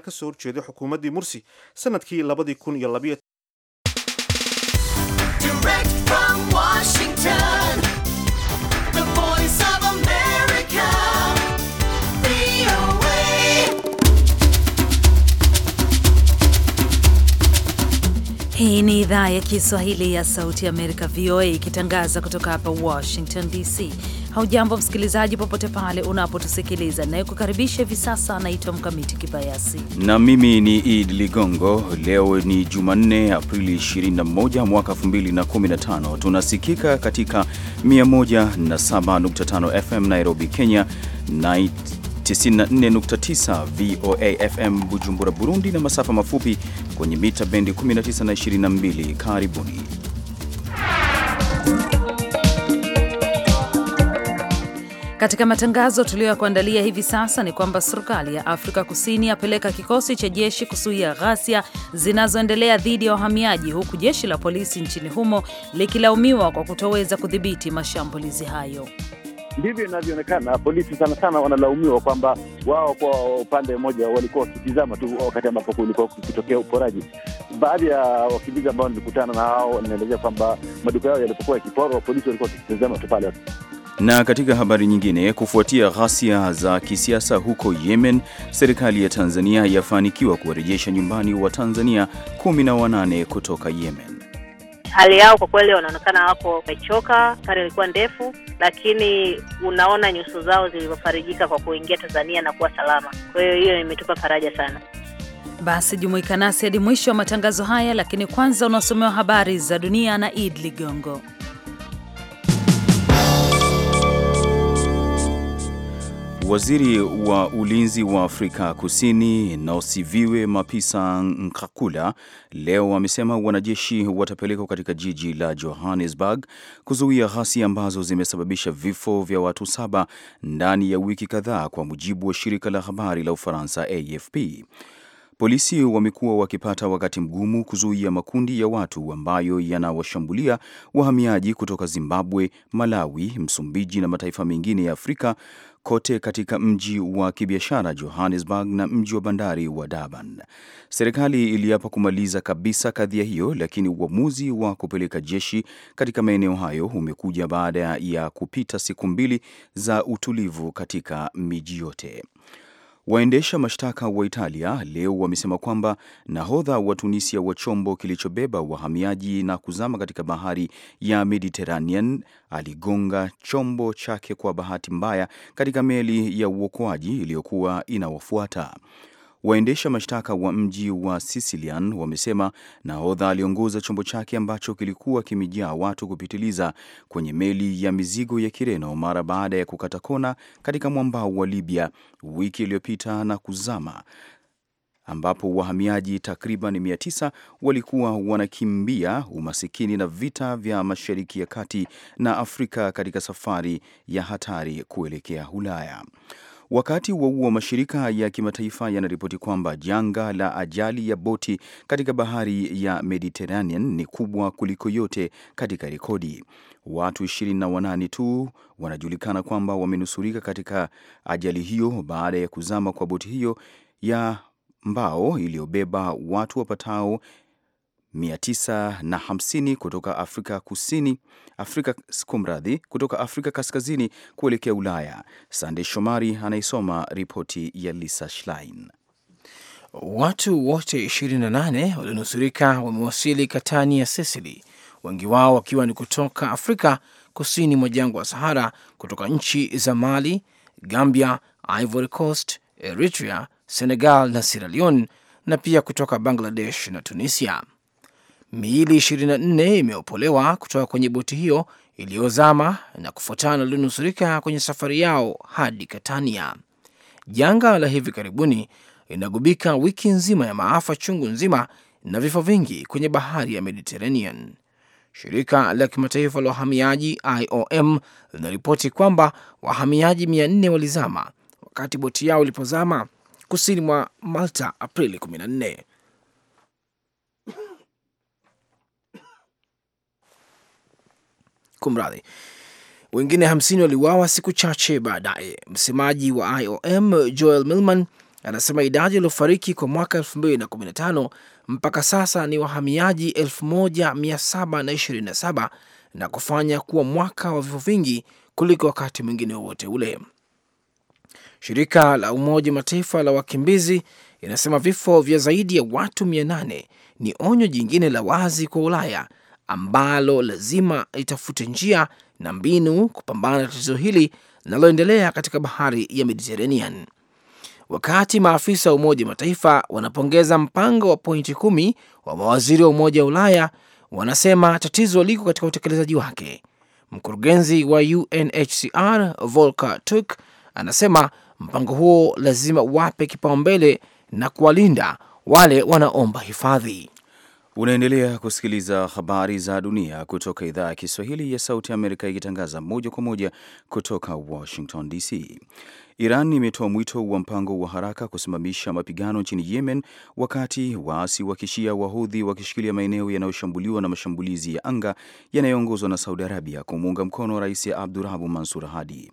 ka soo horjeeday xukuumaddii mursi sanadkii labadii kun iyo labiyo Hii ni idhaa ya Kiswahili ya Sauti Amerika, VOA, ikitangaza kutoka hapa Washington DC. Haujambo msikilizaji, popote pale unapotusikiliza. Nayekukaribisha hivi sasa anaitwa Mkamiti Kibayasi na mimi ni Id Ligongo. Leo ni Jumanne, Aprili 21 mwaka 2015. Tunasikika katika 107.5 FM Nairobi, Kenya na 94.9 VOA FM Bujumbura, Burundi na masafa mafupi kwenye mita bendi 19 na 22. Karibuni Katika matangazo tuliyokuandalia hivi sasa ni kwamba serikali ya Afrika Kusini yapeleka kikosi cha jeshi kusuia ghasia zinazoendelea dhidi ya wahamiaji, huku jeshi la polisi nchini humo likilaumiwa kwa kutoweza kudhibiti mashambulizi hayo. Ndivyo inavyoonekana. Polisi sana sana wanalaumiwa kwamba wao kwa upande mmoja walikuwa wakitizama tu wakati ambapo kulikuwa kukitokea uporaji. Baadhi ya wakimbizi ambao nilikutana na hao wanaelezea kwamba maduka yao yalipokuwa yakiporwa, polisi walikuwa wakitizama tu pale. Na katika habari nyingine, kufuatia ghasia za kisiasa huko Yemen, serikali ya Tanzania yafanikiwa kuwarejesha nyumbani wa Tanzania kumi na wanane kutoka Yemen. Hali yao kwa kweli, wanaonekana wako wamechoka. Safari ilikuwa ndefu, lakini unaona nyuso zao zilivyofarijika kwa kuingia Tanzania na kuwa salama. Kwa hiyo hiyo imetupa faraja sana. Basi jumuika nasi hadi mwisho wa matangazo haya, lakini kwanza unasomewa habari za dunia na Id Ligongo. Waziri wa ulinzi wa Afrika Kusini Nosiviwe Mapisa Nkakula leo amesema wanajeshi watapelekwa katika jiji la Johannesburg kuzuia ghasia ambazo zimesababisha vifo vya watu saba ndani ya wiki kadhaa, kwa mujibu wa shirika la habari la Ufaransa AFP. Polisi wamekuwa wakipata wakati mgumu kuzuia makundi ya watu ambayo yanawashambulia wahamiaji kutoka Zimbabwe, Malawi, Msumbiji na mataifa mengine ya Afrika kote katika mji wa kibiashara Johannesburg na mji wa bandari wa Durban. Serikali iliapa kumaliza kabisa kadhia hiyo, lakini uamuzi wa kupeleka jeshi katika maeneo hayo umekuja baada ya kupita siku mbili za utulivu katika miji yote. Waendesha mashtaka wa Italia leo wamesema kwamba nahodha wa Tunisia wa chombo kilichobeba wahamiaji na kuzama katika bahari ya Mediterranean aligonga chombo chake kwa bahati mbaya katika meli ya uokoaji iliyokuwa inawafuata. Waendesha mashtaka wa mji wa Sicilian wamesema nahodha aliongoza chombo chake ambacho kilikuwa kimejaa watu kupitiliza kwenye meli ya mizigo ya Kireno mara baada ya kukata kona katika mwambao wa Libya wiki iliyopita na kuzama ambapo wahamiaji takriban 900 walikuwa wanakimbia umasikini na vita vya Mashariki ya Kati na Afrika katika safari ya hatari kuelekea Ulaya. Wakati huo huo, mashirika ya kimataifa yanaripoti kwamba janga la ajali ya boti katika bahari ya Mediterranean ni kubwa kuliko yote katika rekodi. Watu 28 tu wanajulikana kwamba wamenusurika katika ajali hiyo baada ya kuzama kwa boti hiyo ya mbao iliyobeba watu wapatao 950 kutoka Afrika Kusini, Afrika kumradhi, kutoka Afrika Kaskazini kuelekea Ulaya. Sandey Shomari anaisoma ripoti ya Lisa Schlein. Watu wote 28 walionusurika wamewasili Katani ya Sisili, wengi wao wakiwa ni kutoka Afrika kusini mwa jangwa la Sahara, kutoka nchi za Mali, Gambia, Ivory Coast, Eritrea, Senegal na Sierra Leone, na pia kutoka Bangladesh na Tunisia miili 24 imeopolewa kutoka kwenye boti hiyo iliyozama na kufuatana na walionusurika kwenye safari yao hadi Katania. Janga la hivi karibuni linagubika wiki nzima ya maafa chungu nzima na vifo vingi kwenye bahari ya Mediterranean. Shirika la kimataifa la wahamiaji IOM linaripoti kwamba wahamiaji 400 walizama wakati boti yao ilipozama kusini mwa Malta Aprili 14. kumradhi, wengine 50 waliuawa siku chache baadaye. Msemaji wa IOM Joel Milman anasema idadi iliyofariki kwa mwaka 2015 mpaka sasa ni wahamiaji 1727 na kufanya kuwa mwaka wa vifo vingi kuliko wakati mwingine wowote ule. Shirika la Umoja Mataifa la wakimbizi inasema vifo vya zaidi ya watu 800 ni onyo jingine la wazi kwa Ulaya ambalo lazima litafute njia na mbinu kupambana na tatizo hili linaloendelea katika bahari ya Mediterranean. Wakati maafisa wa Umoja Mataifa wanapongeza mpango wa pointi kumi wa mawaziri wa Umoja wa Ulaya, wanasema tatizo liko katika utekelezaji wake. Mkurugenzi wa UNHCR Volker Turk anasema mpango huo lazima wape kipaumbele na kuwalinda wale wanaomba hifadhi. Unaendelea kusikiliza habari za dunia kutoka idhaa ya Kiswahili ya Sauti ya Amerika ikitangaza moja kwa moja kutoka Washington DC. Iran imetoa mwito wa mpango wa haraka kusimamisha mapigano nchini Yemen wakati waasi wa kishia wahudhi wakishikilia maeneo yanayoshambuliwa na mashambulizi ya anga yanayoongozwa na Saudi Arabia kumuunga mkono Rais Abdurabu Mansur Hadi.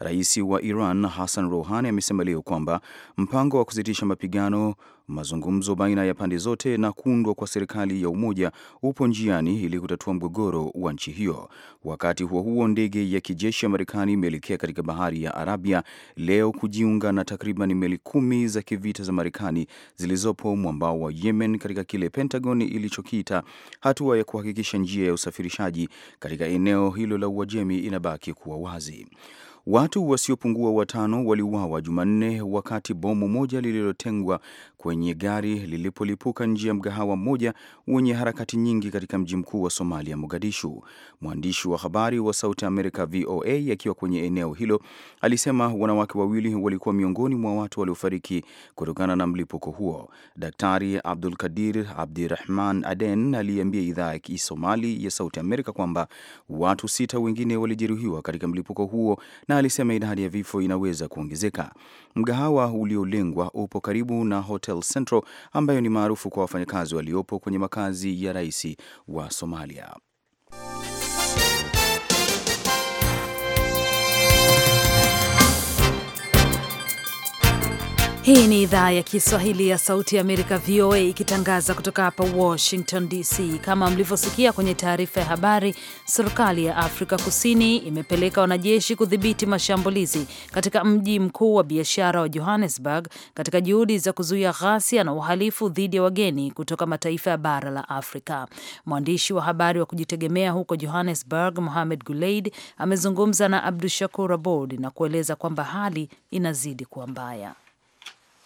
Rais wa Iran Hassan Rouhani amesema leo kwamba mpango wa kusitisha mapigano, mazungumzo baina ya pande zote na kuundwa kwa serikali ya umoja upo njiani ili kutatua mgogoro wa nchi hiyo. Wakati huo huo, ndege ya kijeshi ya Marekani imeelekea katika bahari ya Arabia leo kujiunga na takriban meli kumi za kivita za Marekani zilizopo mwambao wa Yemen katika kile Pentagon ilichokiita hatua ya kuhakikisha njia ya usafirishaji katika eneo hilo la Uajemi inabaki kuwa wazi. Watu wasiopungua watano waliuawa Jumanne wakati bomu moja lililotengwa kwenye gari lilipolipuka nje ya mgahawa mmoja wenye harakati nyingi katika mji mkuu wa Somalia, Mogadishu. Mwandishi wa habari wa Sauti Amerika VOA akiwa kwenye eneo hilo alisema wanawake wawili walikuwa miongoni mwa watu waliofariki kutokana na mlipuko huo. Daktari Abdul Kadir Abdirahman Aden aliyeambia idhaa ya Kisomali ya Sauti Amerika kwamba watu sita wengine walijeruhiwa katika mlipuko huo na alisema idadi ya vifo inaweza kuongezeka. Mgahawa uliolengwa upo karibu na Hotel Central ambayo ni maarufu kwa wafanyakazi waliopo kwenye makazi ya rais wa Somalia. Hii ni idhaa ya Kiswahili ya Sauti ya Amerika, VOA, ikitangaza kutoka hapa Washington DC. Kama mlivyosikia kwenye taarifa ya habari, serikali ya Afrika Kusini imepeleka wanajeshi kudhibiti mashambulizi katika mji mkuu wa biashara wa Johannesburg, katika juhudi za kuzuia ghasia na uhalifu dhidi ya wageni kutoka mataifa ya bara la Afrika. Mwandishi wa habari wa kujitegemea huko Johannesburg, Mohamed Guleid, amezungumza na Abdu Shakur Abod na kueleza kwamba hali inazidi kuwa mbaya.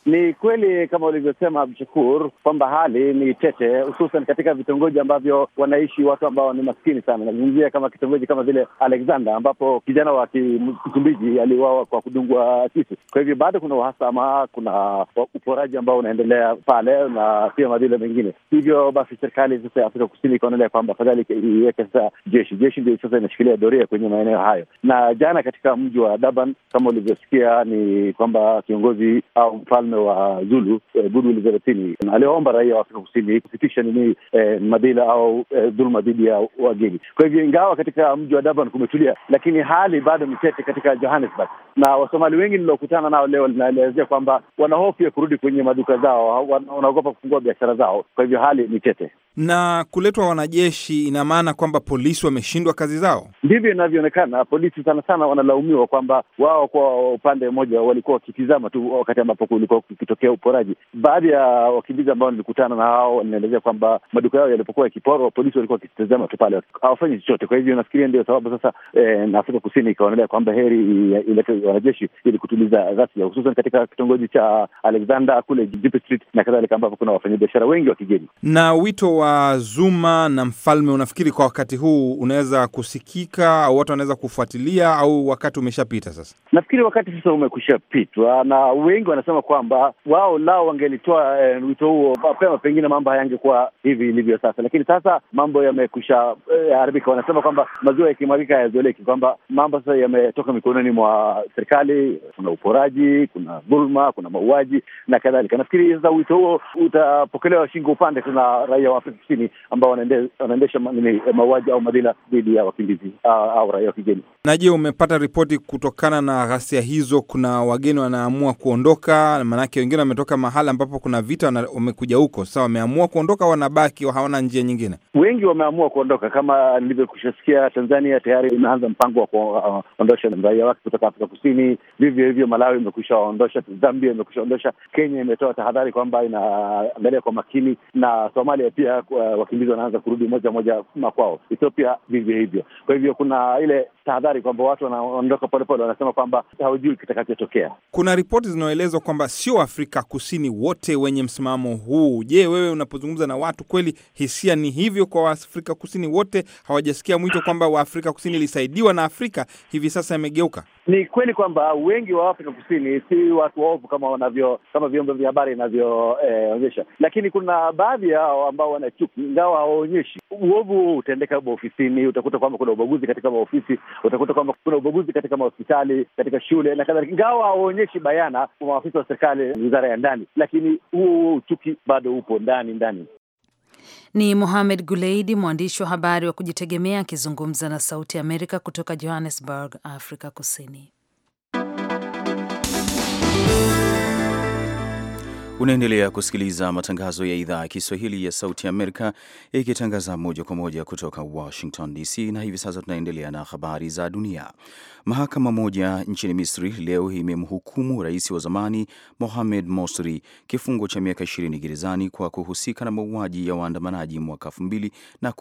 Ni kweli kama ulivyosema Abdushakur kwamba hali ni tete, hususan katika vitongoji ambavyo wanaishi watu ambao ni maskini sana. Nazungumzia kama kitongoji kama vile Alexander ambapo kijana wa Kimsumbiji aliuawa kwa kudungwa kisu. Kwa hivyo bado kuna uhasama, kuna uporaji ambao unaendelea pale na pia madhila mengine. Hivyo basi, serikali sasa ya Afrika Kusini ikaonelea kwamba afadhali iweke sasa jeshi. Jeshi ndio sasa inashikilia doria kwenye maeneo hayo, na jana katika mji wa Durban kama ulivyosikia ni kwamba kiongozi au mfalme mfalme wa Zulu eh, Goodwill Zwelithini aliwaomba raia wa Afrika Kusini kusitisha nini eh, madhila au eh, dhuluma dhidi ya wageni. Kwa hivyo ingawa katika mji wa Durban kumetulia, lakini hali bado ni tete katika Johannesburg na Wasomali wengi niliokutana nao leo linaelezea kwamba ya kurudi kwenye maduka zao, wanaogopa kufungua biashara zao. Kwa hivyo hali ni tete. Na kuletwa wanajeshi, ina maana kwamba polisi wameshindwa kazi zao? Ndivyo inavyoonekana. Polisi sana sana wanalaumiwa kwamba wao kwa upande mmoja walikuwa wakitizama tu wakati ambapo kulikuwa kukitokea uporaji. Baadhi ya wakimbizi ambao nilikutana na hao inaelezea kwamba maduka yao yalipokuwa yakiporwa, polisi walikuwa wakitizama tu pale, hawafanyi chochote. Kwa hivyo nafikiria ndio sababu sasa eh, na Afrika Kusini ikaonelea kwamba heri ilete wanajeshi ili kutuliza ghasia, hususan katika kitongoji cha Alexander kule Jipe Street na kadhalika, ambapo kuna wafanyabiashara wengi wa kigeni. Na wito wa Zuma na mfalme, unafikiri kwa wakati huu unaweza kusikika au watu wanaweza kufuatilia au wakati umeshapita sasa? Nafikiri wakati sasa umekushapitwa pitwa, na wengi wanasema kwamba wao lao wangelitoa eh, wito huo mapema, pengine mambo hayangekuwa hivi ilivyo sasa, lakini sasa mambo yamekusha eh, haribika. Wanasema kwamba maziwa yakimwagika hayazoeleki, kwamba mambo sasa yametoka mikononi mwa serikali, kuna uporaji, kuna dhulma, kuna mauaji na kadhalika. Nafikiri sasa wito huo utapokelewa shingo upande. Kuna raia wa Afrika Kusini ambao wanaendesha mauaji au madhila dhidi ya wakimbizi au raia wa kigeni. Na je, umepata ripoti kutokana na ghasia hizo, kuna wageni wanaamua kuondoka? Maanake wengine wametoka mahala ambapo kuna vita, wamekuja huko. Sasa wameamua kuondoka, wanabaki, hawana njia nyingine. Wengi wameamua kuondoka, kama nilivyokushasikia, Tanzania tayari imeanza mpango wa kuondosha raia wake kutoka Afrika Kusini Kusini vivyo hivyo. Malawi imekwisha waondosha, Zambia imekwisha ondosha, Kenya imetoa tahadhari kwamba inaangalia kwa makini, na Somalia pia eh, wakimbizi wanaanza kurudi moja moja makwao, Ethiopia vivyo hivyo. Kwa hivyo kuna ile tahadhari kwamba watu wanaondoka polepole, wanasema kwamba haujui kitakachotokea. Kuna ripoti zinaoelezwa kwamba sio Afrika Kusini wote wenye msimamo huu. Je, wewe unapozungumza na watu, kweli hisia ni hivyo kwa Waafrika Kusini wote? Hawajasikia mwito kwamba Waafrika Kusini ilisaidiwa na Afrika hivi sasa yamegeuka? Ni kweli kwamba wengi wa Afrika Kusini si watu waovu kama wanavyo kama vyombo vya habari inavyoonyesha, eh, lakini kuna baadhi yao ambao wanachuki, ingawa hawaonyeshi uovu huu. utaendeka maofisini, utakuta kwamba kuna ubaguzi katika maofisi utakuta kwamba kuna ubaguzi katika mahospitali, katika shule na kadhalika, ingawa hawaonyeshi bayana maafisa wa serikali, wizara ya ndani, lakini huo huo uchuki bado upo ndani ndani. Ni Mohamed Guleidi, mwandishi wa habari wa kujitegemea akizungumza na Sauti Amerika kutoka Johannesburg, Afrika Kusini. Unaendelea kusikiliza matangazo ya idhaa ya Kiswahili ya Sauti Amerika ikitangaza moja kwa moja kutoka Washington DC, na hivi sasa tunaendelea na habari za dunia. Mahakama moja nchini Misri leo imemhukumu rais wa zamani Mohamed mosri kifungo cha miaka ishirini gerezani kwa kuhusika na mauaji ya waandamanaji mwaka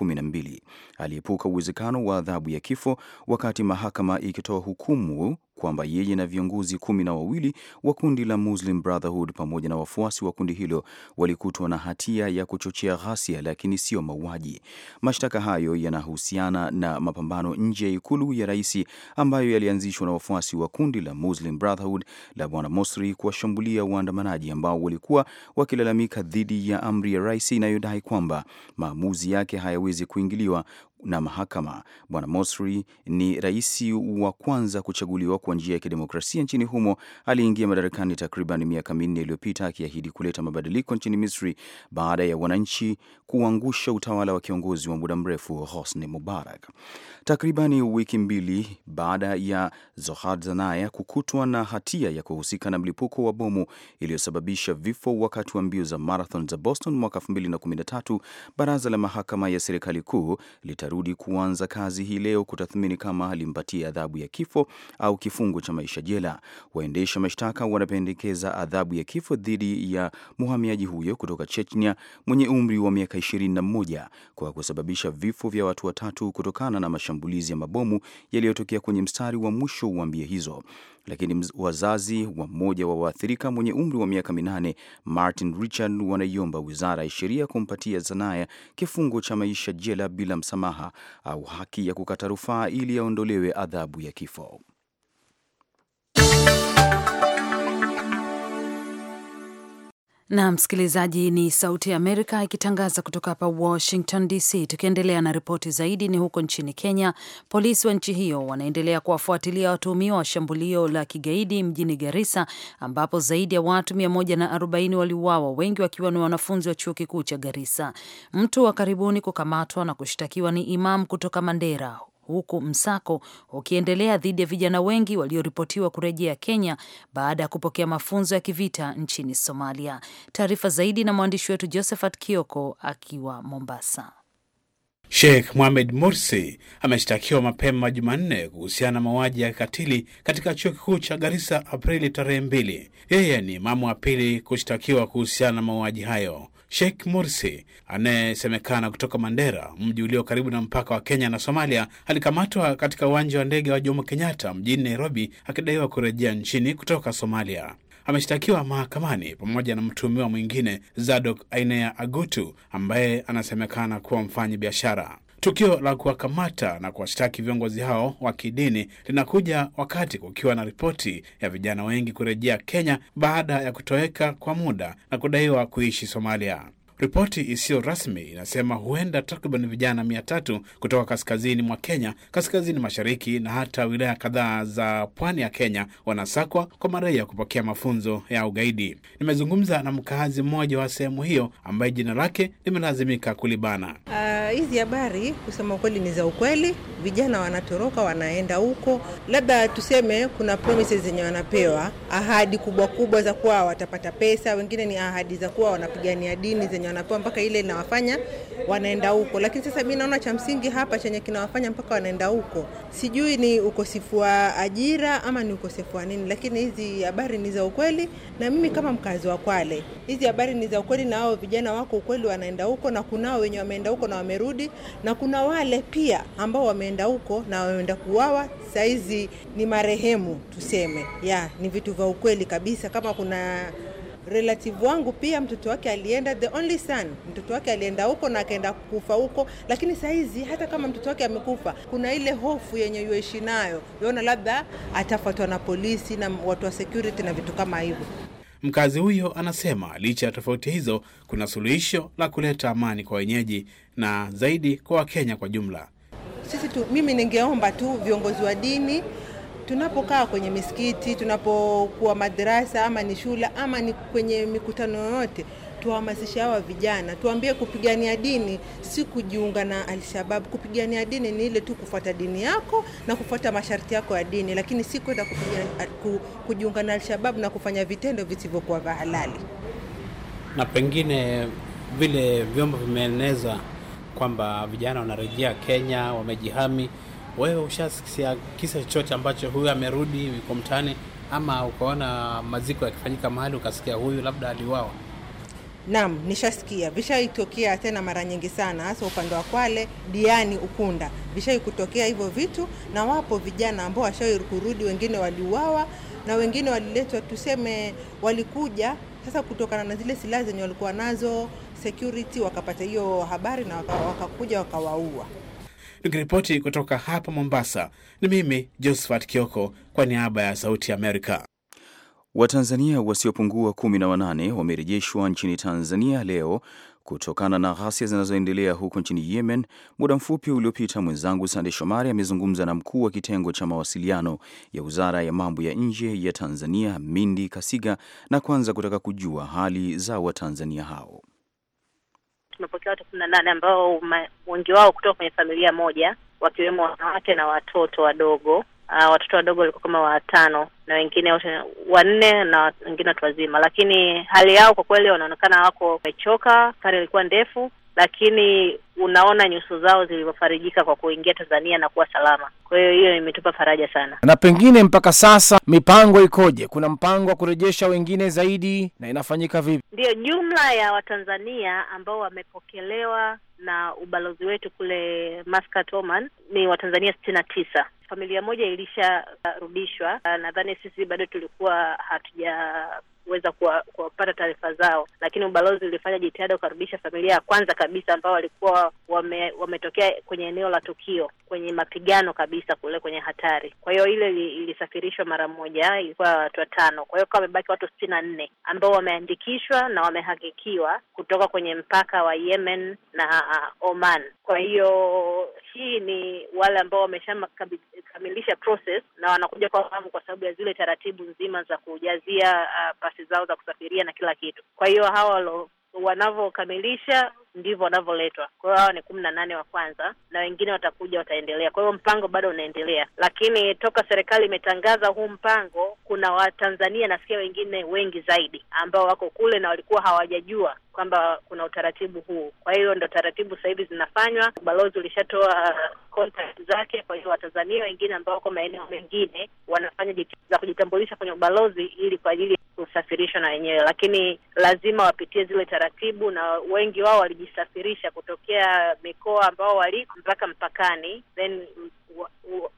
mbili. Aliepuka uwezekano wa adhabu ya kifo wakati mahakama ikitoa hukumu kwamba yeye na viongozi kumi na wawili wa kundi la Muslim Brotherhood pamoja na wafuasi wa kundi hilo walikutwa na hatia ya kuchochea ghasia, lakini sio mauaji. Mashtaka hayo yanahusiana na mapambano nje ya ikulu ya rais ambayo yalianzishwa na wafuasi wa kundi la Muslim Brotherhood la Bwana Mosri kuwashambulia waandamanaji ambao walikuwa wakilalamika dhidi ya amri ya rais inayodai kwamba maamuzi yake hayawezi kuingiliwa na mahakama. Bwana Mosri ni rais wa kwanza kuchaguliwa kwa njia ya kidemokrasia nchini humo. Aliingia madarakani takriban miaka minne iliyopita akiahidi kuleta mabadiliko nchini Misri baada ya wananchi kuangusha utawala wa kiongozi wa muda mrefu Hosni Mubarak. Takribani wiki mbili baada ya Zohar Zanaya kukutwa na hatia ya kuhusika na mlipuko wa bomu iliyosababisha vifo wakati wa mbio za marathon za Boston mwaka 2013, baraza la mahakama ya serikali kuu lita atarudi kuanza kazi hii leo kutathmini kama alimpatia adhabu ya kifo au kifungo cha maisha jela. Waendesha mashtaka wanapendekeza adhabu ya kifo dhidi ya mhamiaji huyo kutoka Chechnya mwenye umri wa miaka 21 kwa kusababisha vifo vya watu watatu kutokana na mashambulizi ya mabomu yaliyotokea kwenye mstari wa mwisho wa mbia hizo lakini wazazi wa mmoja wa waathirika mwenye umri wa miaka minane Martin Richard wanaiomba wizara ya sheria kumpatia Zanaya kifungo cha maisha jela bila msamaha au haki ya kukata rufaa ili aondolewe adhabu ya kifo. Na msikilizaji, ni Sauti ya Amerika ikitangaza kutoka hapa Washington DC. Tukiendelea na ripoti zaidi, ni huko nchini Kenya. Polisi wa nchi hiyo wanaendelea kuwafuatilia watuhumiwa wa shambulio la kigaidi mjini Garissa, ambapo zaidi ya watu 140 waliuawa, wengi wakiwa ni wanafunzi wa chuo kikuu cha Garissa. Mtu wa karibuni kukamatwa na kushtakiwa ni Imam kutoka Mandera huku msako ukiendelea dhidi ya vijana wengi walioripotiwa kurejea Kenya baada ya kupokea mafunzo ya kivita nchini Somalia. Taarifa zaidi na mwandishi wetu Josephat Kioko akiwa Mombasa. Sheikh Mohamed Mursi ameshtakiwa mapema Jumanne kuhusiana na mauaji ya kikatili katika chuo kikuu cha Garissa Aprili tarehe mbili. Yeye ni imamu wa pili kushtakiwa kuhusiana na mauaji hayo. Sheikh Mursi anayesemekana kutoka Mandera, mji ulio karibu na mpaka wa Kenya na Somalia, alikamatwa katika uwanja wa ndege wa Jomo Kenyatta mjini Nairobi akidaiwa kurejea nchini kutoka Somalia. Ameshtakiwa mahakamani pamoja na mtuhumiwa mwingine Zadok Ainea Agutu ambaye anasemekana kuwa mfanyi biashara. Tukio la kuwakamata na kuwashtaki viongozi hao wa kidini linakuja wakati kukiwa na ripoti ya vijana wengi kurejea Kenya baada ya kutoweka kwa muda na kudaiwa kuishi Somalia. Ripoti isiyo rasmi inasema huenda takriban vijana mia tatu kutoka kaskazini mwa Kenya, kaskazini mashariki na hata wilaya kadhaa za pwani ya Kenya wanasakwa kwa madai ya kupokea mafunzo ya ugaidi. Nimezungumza na mkaazi mmoja wa sehemu hiyo ambaye jina lake limelazimika kulibana. Uh hizi habari kusema ukweli ni za ukweli. Vijana wanatoroka wanaenda huko, labda tuseme kuna promises zenye wanapewa, ahadi kubwa kubwa za kuwa watapata pesa, wengine ni ahadi za kuwa wanapigania dini zenye wanapewa, mpaka ile inawafanya wanaenda huko. Lakini sasa mi naona cha msingi hapa chenye kinawafanya mpaka wanaenda huko, sijui ni ukosefu wa ajira ama ni ukosefu wa nini, lakini hizi habari ni za ukweli, na mimi kama mkazi wa Kwale, hizi habari ni za ukweli, na hao vijana wako ukweli, wanaenda huko na kunao wenye wameenda huko na wame wamerudi, na kuna wale pia ambao wameenda huko na wameenda kuwawa saizi ni marehemu tuseme. Ya, ni vitu vya ukweli kabisa. Kama kuna relative wangu pia mtoto wake alienda, the only son, mtoto wake alienda huko na akaenda kufa huko, lakini saizi hata kama mtoto wake amekufa, kuna ile hofu yenye yuishi nayo, yaona labda atafuatwa na polisi na watu wa security na vitu kama hivyo. Mkazi huyo anasema licha ya tofauti hizo, kuna suluhisho la kuleta amani kwa wenyeji na zaidi kwa Wakenya kwa jumla. Sisi tu, mimi ningeomba tu viongozi wa dini tunapokaa kwenye misikiti, tunapokuwa madarasa ama ni shule ama ni kwenye mikutano yoyote, tuwahamasishe hawa vijana, tuambie kupigania dini si kujiunga na Alshababu. Kupigania dini ni ile tu kufuata dini yako na kufuata masharti yako ya dini, lakini si kwenda kujiunga na Alshababu na kufanya vitendo visivyokuwa vya halali. Na pengine vile vyombo vimeeneza kwamba vijana wanarejea Kenya, wamejihami. Wewe ushasikia kisa chochote ambacho huyu amerudi yuko mtaani, ama ukaona maziko yakifanyika mahali ukasikia huyu labda aliwawa Naam, nishasikia vishaitokea tena mara nyingi sana, hasa upande wa Kwale, Diani, Ukunda vishaikutokea hivyo vitu, na wapo vijana ambao washawahi kurudi, wengine waliuawa na wengine waliletwa, tuseme walikuja sasa kutokana na zile silaha zenye walikuwa nazo security wakapata hiyo habari na wakakuja waka wakawaua. Nikiripoti kutoka hapa Mombasa, ni mimi Josephat Kioko kwa niaba ya Sauti Amerika. Watanzania wasiopungua kumi na wanane wamerejeshwa nchini Tanzania leo kutokana na ghasia zinazoendelea huko nchini Yemen. Muda mfupi uliopita, mwenzangu Sande Shomari amezungumza na mkuu wa kitengo cha mawasiliano ya Wizara ya Mambo ya Nje ya Tanzania, Mindi Kasiga, na kwanza kutaka kujua hali za Watanzania hao tumepokea watu kumi na nane ambao wengi wao kutoka kwenye familia moja, wakiwemo wanawake na watoto wadogo. Uh, watoto wadogo walikuwa kama watano na wengine wote wanne na wengine watu wazima, lakini hali yao kwa kweli wanaonekana wako wamechoka. Safari ilikuwa ndefu, lakini unaona nyuso zao zilivyofarijika kwa kuingia Tanzania na kuwa salama. Kwa hiyo hiyo imetupa faraja sana. Na pengine mpaka sasa mipango ikoje? Kuna mpango wa kurejesha wengine zaidi na inafanyika vipi? Ndiyo, jumla ya Watanzania ambao wamepokelewa na ubalozi wetu kule Muscat, Oman ni Watanzania sitini na tisa. Familia moja ilisharudishwa, nadhani sisi bado tulikuwa hatujaweza kuwapata taarifa zao, lakini ubalozi ulifanya jitihada ukarudisha familia ya kwanza kabisa ambao walikuwa wame, wametokea kwenye eneo la tukio kwenye mapigano kabisa kule kwenye hatari. Kwa hiyo ile ilisafirishwa mara moja, ilikuwa watu watano. Kwa hiyo kama wamebaki watu sitini na nne ambao wameandikishwa na wamehakikiwa kutoka kwenye mpaka wa Yemen na uh, Oman. Kwa hiyo hii ni wale ambao wameshakamilisha process na wanakuja kwa fahamu, kwa sababu ya zile taratibu nzima za kujazia uh, pasi zao za kusafiria na kila kitu. Kwa hiyo hawa wanavyokamilisha ndivyo wanavyoletwa. Kwa hiyo hawa ni kumi na nane wa kwanza na wengine watakuja, wataendelea. Kwa hiyo mpango bado unaendelea, lakini toka serikali imetangaza huu mpango, kuna Watanzania nafikia wengine wengi zaidi ambao wako kule na walikuwa hawajajua kwamba kuna utaratibu huu. Kwa hiyo ndo taratibu sasa hivi zinafanywa. Ubalozi ulishatoa uh, contact zake, kwa hiyo Watanzania wengine ambao wako maeneo mengine wanafanya jitihada za kujitambulisha kwenye ubalozi ili kwa ajili kusafirishwa na wenyewe, lakini lazima wapitie zile taratibu, na wengi wao walijisafirisha kutokea mikoa ambao waliko mpaka mpakani, then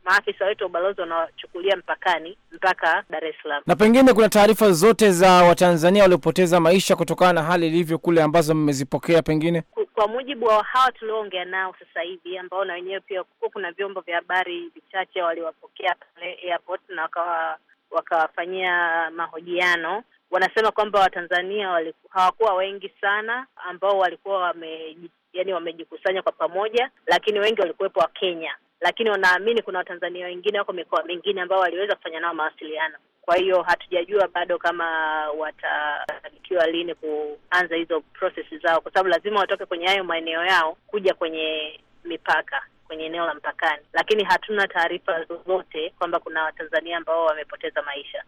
maafisa wetu wa ubalozi wanawachukulia mpakani mpaka Dar es Salaam. Na pengine kuna taarifa zote za Watanzania waliopoteza maisha kutokana na hali ilivyo kule ambazo mmezipokea pengine kwa mujibu wa hawa tulioongea nao sasa hivi, ambao na wenyewe pia kuko kuna vyombo vya habari vichache waliwapokea pale airport na wakawa wakawafanyia mahojiano. Wanasema kwamba Watanzania hawakuwa wengi sana ambao walikuwa wame, yani wamejikusanya kwa pamoja, lakini wengi walikuwepo wa Kenya, lakini wanaamini kuna Watanzania wengine wako mikoa mingine ambao waliweza kufanya nao mawasiliano. Kwa hiyo hatujajua bado kama watafanikiwa lini kuanza hizo prosesi zao, kwa sababu lazima watoke kwenye hayo maeneo yao kuja kwenye mipaka kwenye eneo la mpakani, lakini hatuna taarifa zozote kwamba kuna Watanzania ambao wamepoteza maisha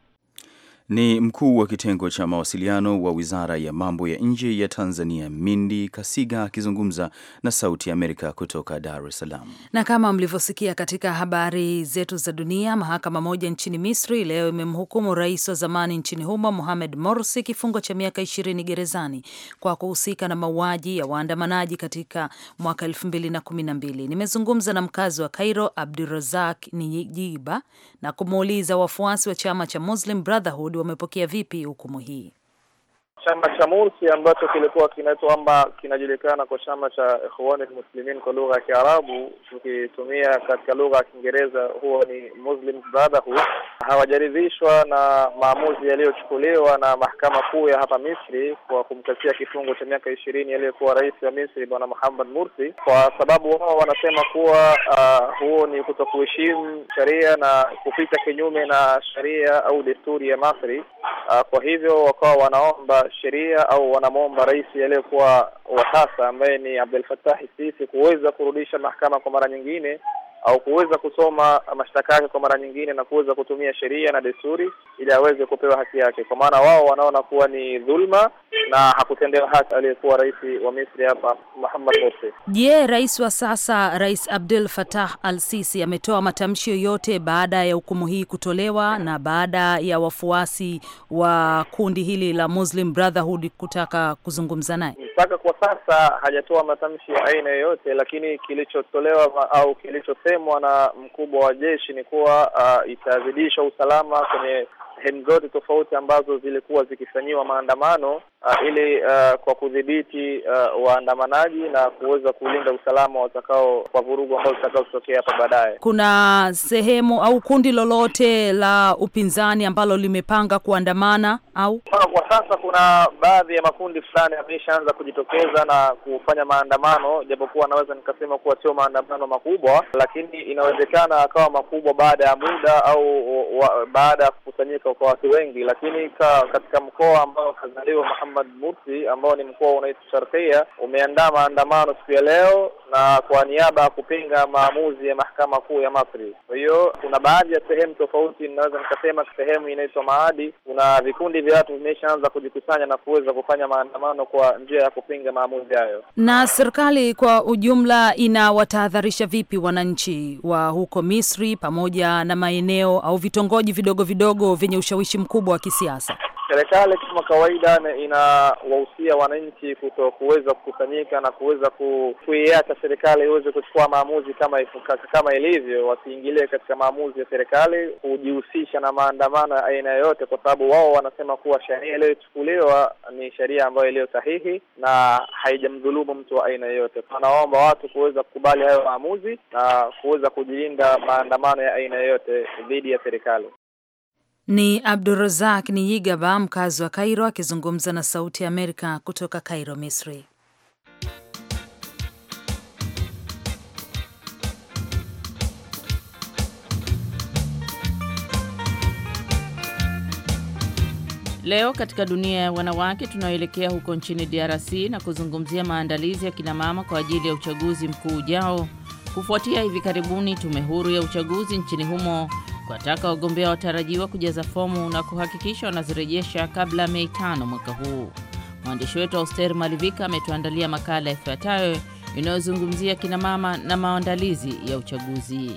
ni mkuu wa kitengo cha mawasiliano wa Wizara ya Mambo ya Nje ya Tanzania, Mindi Kasiga, akizungumza na Sauti Amerika kutoka Dar es Salaam. Na kama mlivyosikia katika habari zetu za dunia, mahakama moja nchini Misri leo imemhukumu rais wa zamani nchini humo Mohamed Morsi kifungo cha miaka ishirini gerezani kwa kuhusika na mauaji ya waandamanaji katika mwaka elfu mbili na kumi na mbili. Nimezungumza na mkazi wa Cairo Abdurazak Nijiba na kumuuliza wafuasi wa chama cha Muslim Brotherhood Nord wamepokea vipi hukumu hii? Chama cha Mursi ambacho kilikuwa kinaitwa kwamba kinajulikana kwa chama cha Ikhwan al-Muslimin kwa lugha ya Kiarabu, tukitumia katika lugha ya Kiingereza huwa ni Muslim Brotherhood hawajaridhishwa na maamuzi yaliyochukuliwa na mahakama kuu ya hapa Misri kwa kumkatia kifungo cha miaka ishirini aliyekuwa rais wa Misri bwana Muhammad Mursi, kwa sababu wao wanasema kuwa uh, huo ni kutokuheshimu sheria na kupita kinyume na sheria au desturi ya Misri. Uh, kwa hivyo wakawa wanaomba sheria au wanamwomba rais aliyekuwa wa sasa ambaye ni Abdel Fattah Sisi kuweza kurudisha mahakama kwa mara nyingine au kuweza kusoma mashtaka yake kwa mara nyingine na kuweza kutumia sheria na desturi ili aweze kupewa haki yake, kwa maana wao wanaona kuwa ni dhulma na hakutendewa haki aliyekuwa rais wa Misri hapa Muhammad Morsi. Je, rais wa sasa Rais Abdel Fattah al-Sisi ametoa matamshi yoyote baada ya hukumu hii kutolewa na baada ya wafuasi wa kundi hili la Muslim Brotherhood kutaka kuzungumza naye? Mpaka kwa sasa hajatoa matamshi ya aina yoyote, lakini kilichotolewa au kilicho yaliyosemwa na mkubwa wa jeshi ni kuwa uh, itazidisha usalama kwenye sehemu zote tofauti ambazo zilikuwa zikifanyiwa maandamano uh, ili uh, kwa kudhibiti uh, waandamanaji na kuweza kulinda usalama watakao kwa vurugu ambazo zitakazotokea hapa baadaye. Kuna sehemu au kundi lolote la upinzani ambalo limepanga kuandamana au? Kwa sasa kuna baadhi ya makundi fulani yameshaanza kujitokeza na kufanya maandamano, japokuwa naweza nikasema kuwa sio maandamano makubwa, lakini inawezekana akawa makubwa baada ya muda au wa, baada ya kukusanyika kueleweka kwa watu wengi, lakini ka, katika mkoa ambao kazaliwa Muhammad Mursi ambao ni mkoa unaitwa Sharqia umeandaa maandamano siku ya leo na kwa niaba ya kupinga maamuzi ya mahakama kuu ya masri Kwa hiyo kuna baadhi ya sehemu tofauti, ninaweza nikasema sehemu inaitwa Maadi, kuna vikundi vya watu vimeshaanza kujikusanya na kuweza kufanya maandamano kwa njia ya kupinga maamuzi hayo. Na serikali kwa ujumla inawatahadharisha vipi wananchi wa huko Misri pamoja na maeneo au vitongoji vidogo vidogo vyenye yenye ushawishi mkubwa wa kisiasa. Serikali kama kawaida inawahusia wananchi kuto kuweza kukusanyika na kuweza kuiacha serikali iweze kuchukua maamuzi kama kama ilivyo, wasiingilie katika maamuzi ya serikali, kujihusisha na maandamano ya aina yoyote, kwa sababu wao wanasema kuwa sheria iliyochukuliwa ni sheria ambayo iliyo sahihi na haijamdhulumu mtu wa aina yoyote. Wanaomba watu kuweza kukubali hayo maamuzi na kuweza kujilinda maandamano ya aina yoyote dhidi ya serikali. Ni Abdurazak Niyigaba, mkazi wa Kairo, akizungumza na Sauti ya Amerika kutoka Kairo, Misri. Leo katika dunia ya wanawake tunaoelekea huko nchini DRC na kuzungumzia maandalizi ya kinamama kwa ajili ya uchaguzi mkuu ujao kufuatia hivi karibuni tume huru ya uchaguzi nchini humo kuwataka wagombea watarajiwa kujaza fomu na kuhakikisha wanazirejesha kabla ya Mei tano mwaka huu. Mwandishi wetu Auster Malivika ametuandalia makala ifuatayo inayozungumzia kinamama na maandalizi ya uchaguzi.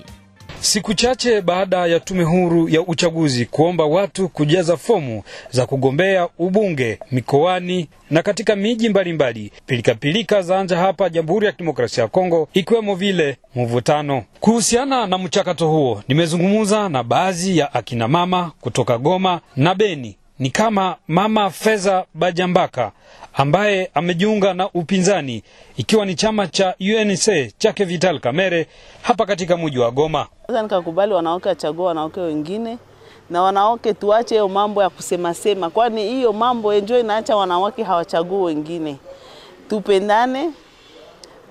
Siku chache baada ya tume huru ya uchaguzi kuomba watu kujaza fomu za kugombea ubunge mikoani na katika miji mbalimbali, pilikapilika zaanja hapa Jamhuri ya Kidemokrasia ya Kongo, ikiwemo vile mvutano kuhusiana na mchakato huo. Nimezungumza na baadhi ya akinamama kutoka Goma na Beni ni kama Mama Fedha Bajambaka ambaye amejiunga na upinzani ikiwa ni chama cha UNC chake Vital kamere hapa katika mji wa Goma. Sasa nikakubali wanawake achagua wanawake wengine na wanawake tuache hiyo mambo ya kusema sema, kwani hiyo mambo enjoy inaacha wanawake hawachagui wengine. Tupendane,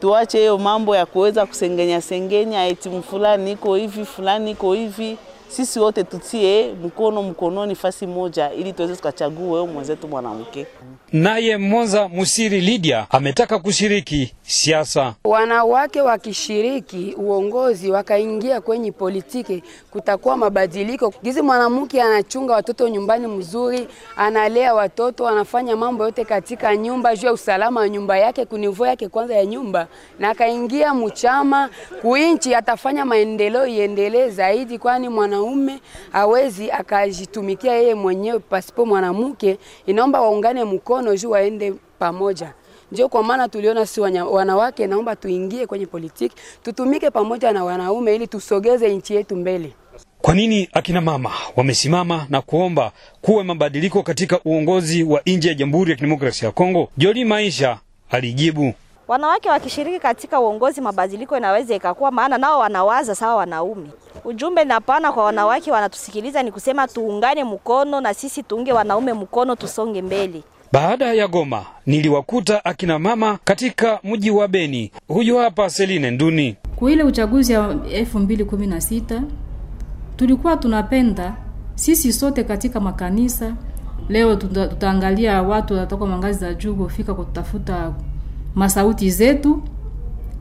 tuache hiyo mambo ya kuweza kusengenya sengenya, eti fulani iko hivi fulani iko hivi sisi wote tutie mkono mkononi fasi moja, ili tuweze tukachague huyo mwenzetu mwanamke. Naye Mwanza Musiri Lydia ametaka kushiriki siasa. Wanawake wakishiriki uongozi, wakaingia kwenye politiki, kutakuwa mabadiliko. Gizi mwanamke anachunga watoto nyumbani mzuri, analea watoto, anafanya mambo yote katika nyumba juu ya usalama wa nyumba yake, kunivo yake kwanza ya nyumba, na akaingia mchama kuinchi, atafanya maendeleo iendelee zaidi, kwani mwanaume hawezi akajitumikia yeye mwenyewe pasipo mwanamke. Inaomba waungane mkono mkono juu waende pamoja. Ndio kwa maana tuliona si wanawake, naomba tuingie kwenye politiki, tutumike pamoja na wanaume ili tusogeze nchi yetu mbele. Kwa nini akina mama wamesimama na kuomba kuwe mabadiliko katika uongozi wa nje ya Jamhuri ya Kidemokrasia ya Kongo? Joli Maisha alijibu, wanawake wakishiriki katika uongozi, mabadiliko inaweza ikakuwa, maana nao wanawaza sawa wanaume. Ujumbe napana kwa wanawake wanatusikiliza ni kusema tuungane mkono na sisi tuunge wanaume mkono, tusonge mbele. Baada ya Goma niliwakuta akina mama katika mji wa Beni. Huyu hapa Seline Nduni. ile uchaguzi ya 2016 tulikuwa tunapenda sisi sote katika makanisa, leo tutaangalia watu watatoka mangazi za juu kufika kutafuta masauti zetu,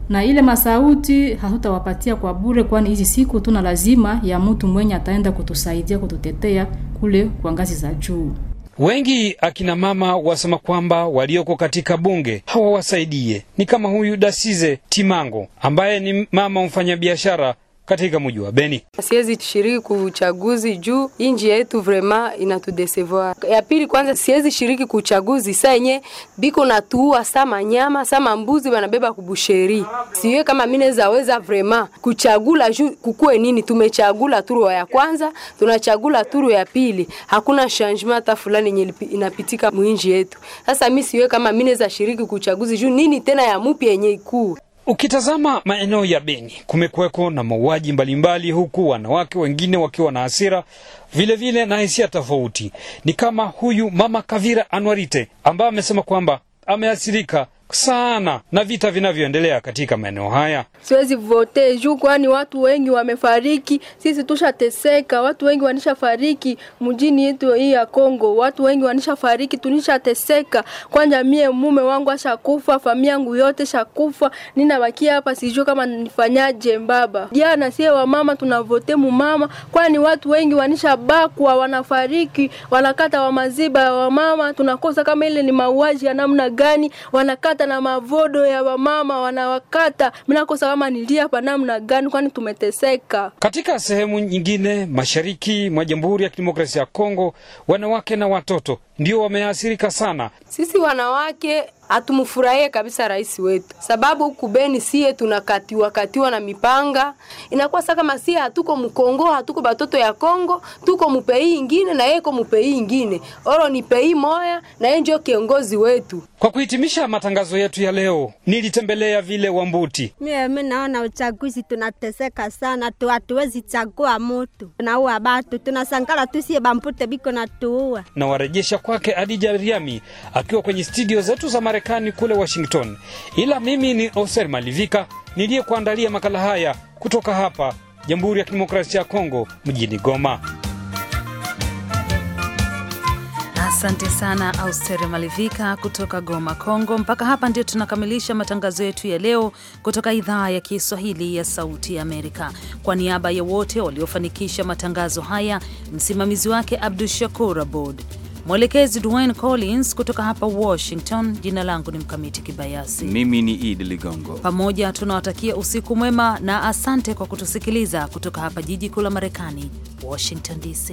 na ile masauti hatutawapatia kwa bure, kwani hizi siku tuna lazima ya mtu mwenye ataenda kutusaidia kututetea kule kwa ngazi za juu. Wengi akina mama wasema kwamba walioko katika bunge hawawasaidie, ni kama huyu Dasize Timango ambaye ni mama mfanyabiashara katika mji wa Beni. Siwezi shiriki kuchaguzi juu inji yetu vrema inatudesevoir. Ya pili kwanza, siwezi shiriki kuchaguzi saa yenye biko natuua sama nyama sama mbuzi wanabeba kubusheri. Siwe kama mimi naweza vrema kuchagula juu kukue nini. Tumechagula turu ya kwanza, tunachagula turu ya pili, hakuna changement hata fulani yenye inapitika mwinji yetu. Sasa mimi siwe kama mimi naweza shiriki kuuchaguzi juu nini tena ya mupi yenye ikuu Ukitazama maeneo ya Beni kumekuweko na mauaji mbalimbali, huku wanawake wengine wakiwa na hasira vilevile vile na hisia tofauti. Ni kama huyu mama Kavira Anwarite ambaye amesema kwamba ameathirika sana na vita vinavyoendelea katika maeneo haya. Siwezi vote juu, kwani watu wengi wamefariki, sisi tushateseka, watu wengi wanishafariki mjini yetu hii ya Kongo, watu wengi wanishafariki, tunishateseka. Kwanja mie mume wangu ashakufa, familia yangu yote shakufa, ninabakia hapa, sijui kama nifanyaje. Mbaba jana, sie wamama tunavote mumama, kwani watu wengi wanishabakwa, wanafariki, wanakata wamaziba ya wamama, tunakosa kama ile ni mauaji ya namna gani wanakata mnakata na mavodo ya wamama wanawakata, mnakosa kama nilia pa namna gani? Kwani tumeteseka. Katika sehemu nyingine mashariki mwa Jamhuri ya Kidemokrasia ya Kongo, wanawake na watoto ndio wameathirika sana. Sisi wanawake hatumfurahie kabisa rais wetu, sababu huku Beni sie tunakatiwa katiwa na mipanga. Inakuwa sasa kama sie hatuko mkongo, hatuko batoto ya Kongo, tuko mupei ingine na yeye ko mupei ingine, oro ni pei moya na yeye ndio kiongozi wetu. Kwa kuhitimisha matangazo yetu ya leo, nilitembelea vile Wambuti. Mimi mimi naona uchaguzi tunateseka sana tu, hatuwezi chagua mtu, tunaua batu, tunasangala tu sie bambute biko natuua. Na warejesha kwake Adija Riami akiwa kwenye studio zetu za Marekani kule Washington. Ila mimi ni Oser Malivika niliyekuandalia makala haya kutoka hapa Jamhuri ya Kidemokrasia ya Kongo mjini Goma. Asante sana Austere Malivika kutoka Goma, Kongo. Mpaka hapa ndio tunakamilisha matangazo yetu ya leo kutoka idhaa ya Kiswahili ya Sauti ya Amerika. Kwa niaba ya wote waliofanikisha matangazo haya, msimamizi wake Abdu Shakur Abod, Mwelekezi Dwayne Collins kutoka hapa Washington. Jina langu ni Mkamiti Kibayasi, mimi ni Idi Ligongo. Pamoja tunawatakia usiku mwema na asante kwa kutusikiliza kutoka hapa jiji kuu la Marekani, Washington DC.